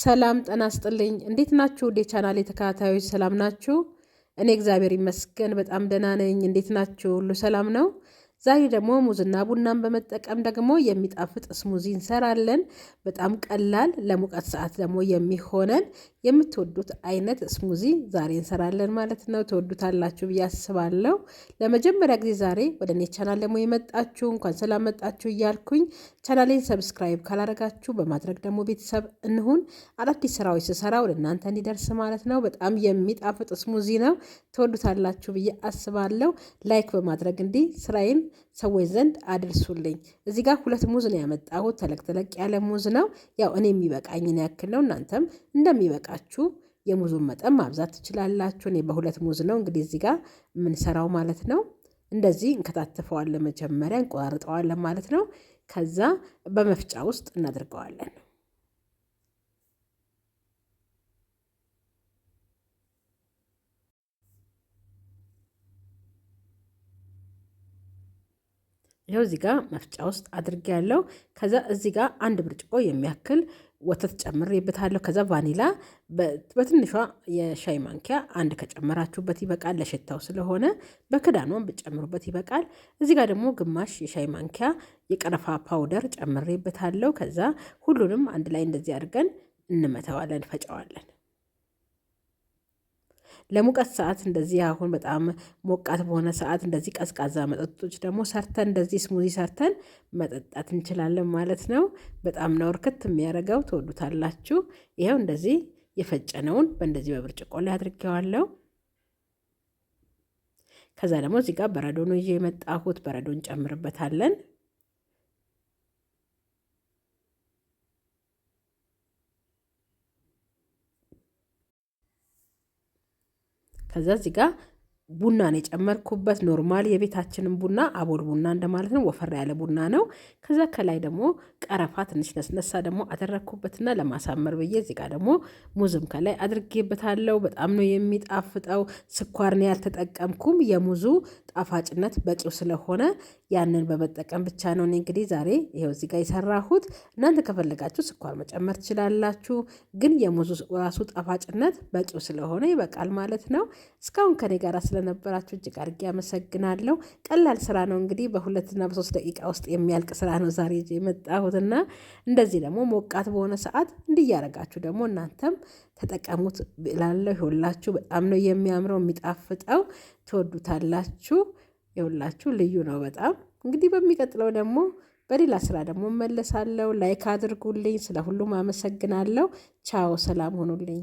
ሰላም ጠና ስጥልኝ እንዴት ናችሁ? ወደ ቻናሌ ተከታታዮች ሰላም ናችሁ? እኔ እግዚአብሔር ይመስገን በጣም ደህና ነኝ። እንዴት ናችሁ? ሁሉ ሰላም ነው? ዛሬ ደግሞ ሙዝና ቡናን በመጠቀም ደግሞ የሚጣፍጥ ስሙዚ እንሰራለን። በጣም ቀላል ለሙቀት ሰዓት ደግሞ የሚሆነን የምትወዱት አይነት ስሙዚ ዛሬ እንሰራለን ማለት ነው። ትወዱታላችሁ ብዬ አስባለሁ። ለመጀመሪያ ጊዜ ዛሬ ወደ እኔ ቻናል ደግሞ የመጣችሁ እንኳን ሰላም መጣችሁ እያልኩኝ ቻናሌን ሰብስክራይብ ካላረጋችሁ በማድረግ ደግሞ ቤተሰብ እንሁን። አዳዲስ ስራዎች ስሰራ ወደ እናንተ እንዲደርስ ማለት ነው። በጣም የሚጣፍጥ ስሙዚ ነው። ትወዱታላችሁ ብዬ አስባለሁ። ላይክ በማድረግ እንዲህ ስራዬን ሰዎች ዘንድ አድርሱልኝ። እዚህ ጋር ሁለት ሙዝ ነው ያመጣሁት። ተለቅ ተለቅ ያለ ሙዝ ነው። ያው እኔ የሚበቃኝን ያክል ነው። እናንተም እንደሚበቃችሁ የሙዙን መጠን ማብዛት ትችላላችሁ። እኔ በሁለት ሙዝ ነው እንግዲህ እዚህ ጋር የምንሰራው ማለት ነው። እንደዚህ እንከታትፈዋለን። መጀመሪያ እንቆራርጠዋለን ማለት ነው። ከዛ በመፍጫ ውስጥ እናድርገዋለን። ይኸው እዚህ ጋር መፍጫ ውስጥ አድርጌ ያለው ከዛ እዚህ ጋር አንድ ብርጭቆ የሚያክል ወተት ጨምሬበታለሁ። ከዛ ቫኒላ በትንሿ የሻይ ማንኪያ አንድ ከጨመራችሁበት ይበቃል፣ ለሽታው ስለሆነ በክዳኗን ብጨምሩበት ይበቃል። እዚህ ጋር ደግሞ ግማሽ የሻይ ማንኪያ የቀረፋ ፓውደር ጨምሬበታለሁ። ከዛ ሁሉንም አንድ ላይ እንደዚህ አድርገን እንመተዋለን፣ ፈጨዋለን። ለሙቀት ሰዓት እንደዚህ አሁን በጣም ሞቃት በሆነ ሰዓት እንደዚህ ቀዝቃዛ መጠጦች ደግሞ ሰርተን እንደዚህ ስሙዚ ሰርተን መጠጣት እንችላለን ማለት ነው። በጣም ነው እርክት የሚያደርገው። ትወዱታላችሁ። ይኸው እንደዚህ የፈጨነውን በእንደዚህ በብርጭቆ ላይ አድርጌዋለሁ። ከዛ ደግሞ እዚህ ጋር በረዶ ነው ይዤ የመጣሁት። በረዶን ጨምርበታለን። ከዛ እዚህ ጋር ቡናን የጨመርኩበት ኖርማል የቤታችንን ቡና አቦል ቡና እንደማለት ነው። ወፈራ ያለ ቡና ነው። ከዛ ከላይ ደግሞ ቀረፋ ትንሽ ነስነሳ ደግሞ አደረግኩበትና ለማሳመር ብዬ እዚህ ጋር ደግሞ ሙዝም ከላይ አድርጌበታለው በጣም ነው የሚጣፍጠው። ስኳርን ያልተጠቀምኩም። የሙዙ ጣፋጭነት በቂው ስለሆነ ያንን በመጠቀም ብቻ ነው እኔ እንግዲህ ዛሬ ይሄው እዚህ ጋር የሰራሁት። እናንተ ከፈለጋችሁ ስኳር መጨመር ትችላላችሁ። ግን የሙዙ ራሱ ጣፋጭነት በቂው ስለሆነ ይበቃል ማለት ነው። እስካሁን ከኔ ጋር ስለ ስለነበራችሁ እጅግ አድርጌ አመሰግናለሁ። ቀላል ስራ ነው እንግዲህ በሁለትና በሶስት ደቂቃ ውስጥ የሚያልቅ ስራ ነው ዛሬ የመጣሁትና እንደዚህ ደግሞ ሞቃት በሆነ ሰዓት እንዲያረጋችሁ ደግሞ እናንተም ተጠቀሙት ብላለሁ። ይሁላችሁ በጣም ነው የሚያምረው የሚጣፍጠው፣ ትወዱታላችሁ። ይሁላችሁ ልዩ ነው በጣም እንግዲህ በሚቀጥለው ደግሞ በሌላ ስራ ደግሞ እመለሳለሁ። ላይክ አድርጉልኝ። ስለ ሁሉም አመሰግናለሁ። ቻው፣ ሰላም ሆኑልኝ።